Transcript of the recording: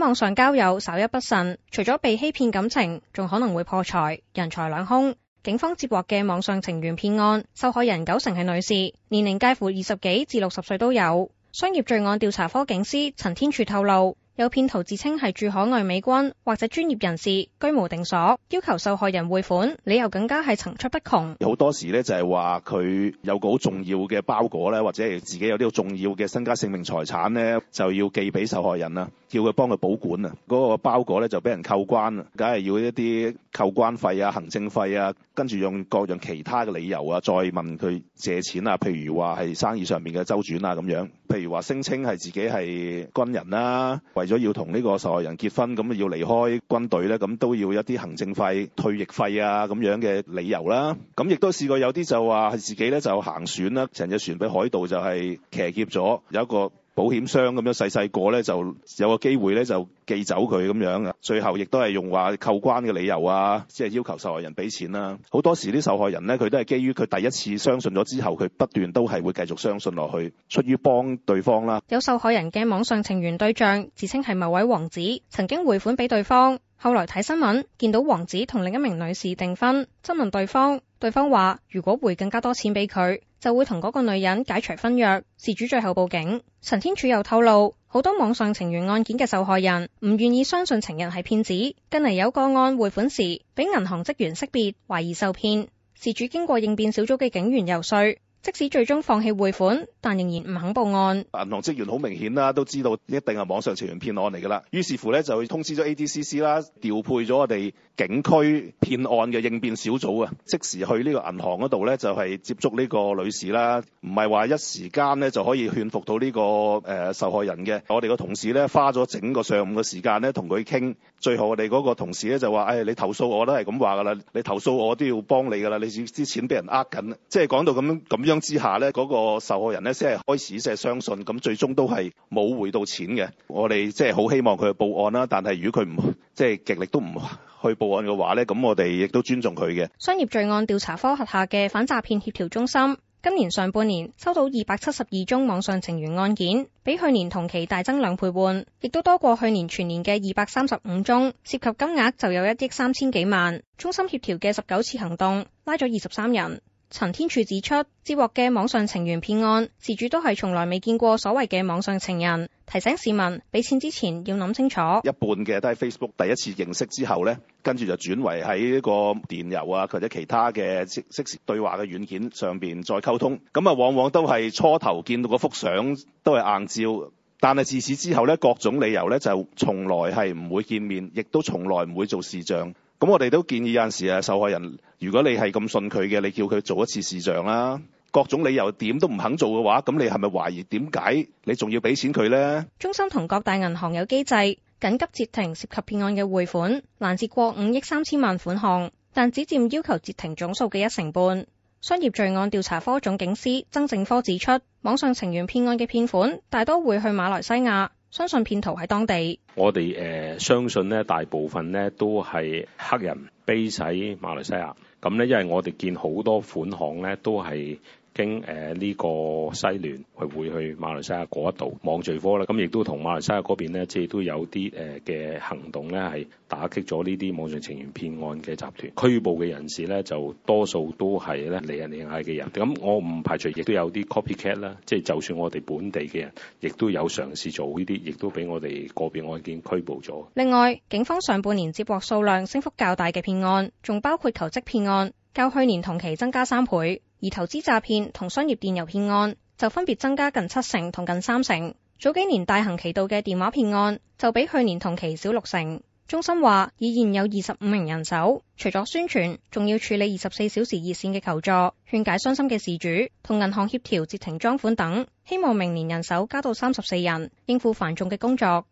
網上交友稍一不慎，除咗被欺騙感情，仲可能會破財、人財兩空。警方接獲嘅網上情緣騙案，受害人九成係女士，年齡介乎二十幾至六十歲都有。商業罪案調查科警司陳天柱透露。有騙徒自稱係駐海外美軍或者專業人士，居無定所，要求受害人匯款，理由更加係層出不窮。好多時咧，就係話佢有個好重要嘅包裹咧，或者自己有啲好重要嘅身家性命財產咧，就要寄俾受害人叫佢幫佢保管啊，嗰、嗰個包裹咧就俾人扣關啊，梗係要一啲，扣關費啊、行政費啊，跟住用各樣其他嘅理由啊，再問佢借錢啊。譬如話係生意上面嘅周轉啊，咁樣。譬如話聲稱係自己係軍人啦，為咗要同呢個受害人結婚，咁要離開軍隊呢，咁都要一啲行政費、退役費啊，咁樣嘅理由啦。咁亦都試過有啲就話係自己呢就行船啦，成隻船俾海盜就係騎劫咗，有一個保險箱咁樣細細個咧，就有個機會咧，就寄走佢咁樣。最後亦都係用話扣關嘅理由啊，即係要求受害人俾錢啦。好多時啲受害人咧，佢都係基於佢第一次相信咗之後，佢不斷都係會繼續相信落去，出於幫對方啦。有受害人嘅網上情緣對象，自稱係某位王子，曾經匯款俾對方。後來睇新聞，見到王子同另一名女士訂婚，質問對方，對方話，如果匯更加多錢俾佢，就會同嗰個女人解除婚約。事主最後報警，陳天柱又透露，好多網上情緣案件嘅受害人唔願意相信情人係騙子，近嚟有個案匯款時俾銀行職員識別懷疑受騙，事主經過應變小組嘅警員游說。即使最終放棄匯款，但仍然唔肯報案。銀行職員好明顯啦，都知道一定係網上情緣騙案嚟㗎啦。於是乎咧就通知咗 ADCC 啦，調配咗我哋警區騙案嘅應變小組啊，即時去呢個銀行嗰度咧就係接觸呢個女士啦。唔係話一時間咧就可以勸服到呢、這個誒、呃、受害人嘅。我哋個同事咧花咗整個上午嘅時間咧同佢傾，最後我哋嗰個同事咧就話：誒、哎、你投訴我都係咁話㗎啦，你投訴我都要幫你㗎啦。你啲錢俾人呃緊，即係講到咁咁。之下呢嗰個受害人呢，先係開始先係相信，咁最終都係冇回到錢嘅。我哋即係好希望佢去報案啦，但係如果佢唔即係極力都唔去報案嘅話呢，咁我哋亦都尊重佢嘅。商業罪案調查科轄下嘅反詐騙協調中心今年上半年收到二百七十二宗網上情緣案件，比去年同期大增兩倍半，亦都多過去年全年嘅二百三十五宗，涉及金額就有一億三千幾萬。中心協調嘅十九次行動拉咗二十三人。陳天柱指出，接獲嘅網上情緣騙案，事主都係從來未見過所謂嘅網上情人，提醒市民俾錢之前要諗清楚。一半嘅都係 Facebook 第一次認識之後咧，跟住就轉為喺呢個電郵啊或者其他嘅即時對話嘅軟件上邊再溝通。咁啊，往往都係初頭見到嗰幅相都係硬照，但係自此之後咧，各種理由咧就從來係唔會見面，亦都從來唔會做視像。咁我哋都建議有陣時啊，受害人如果你係咁信佢嘅，你叫佢做一次視像啦。各種理由點都唔肯做嘅話，咁你係咪懷疑點解你仲要俾錢佢呢？中心同各大銀行有機制緊急截停涉及騙案嘅匯款，攔截過五億三千萬款項，但只佔要求截停總數嘅一成半。商業罪案調查科總警司曾正科指出，網上情緣騙案嘅騙款大多會去馬來西亞。相信騙徒喺當地，我哋誒相信咧，大部分咧都係黑人 base 喺馬來西亞咁咧，因為我哋見好多款項咧都係。經誒呢個西聯繫會去馬來西亞嗰一度網罪科咧，咁亦都同馬來西亞嗰邊咧，即係都有啲誒嘅行動呢係打擊咗呢啲網上情緣騙案嘅集團，拘捕嘅人士呢，就多數都係咧嚟人嚟啊嘅人。咁我唔排除，亦都有啲 copycat 啦，即係就算我哋本地嘅人，亦都有嘗試做呢啲，亦都俾我哋個別案件拘捕咗。另外，警方上半年接獲數量升幅較大嘅騙案，仲包括求職騙案，較去年同期增加三倍。而投資詐騙同商業電郵騙案就分別增加近七成同近三成。早幾年大行其道嘅電話騙案就比去年同期少六成。中心話，以現有二十五名人手，除咗宣傳，仲要處理二十四小時熱線嘅求助、勸解傷心嘅事主同銀行協調截停贓款等，希望明年人手加到三十四人，應付繁重嘅工作。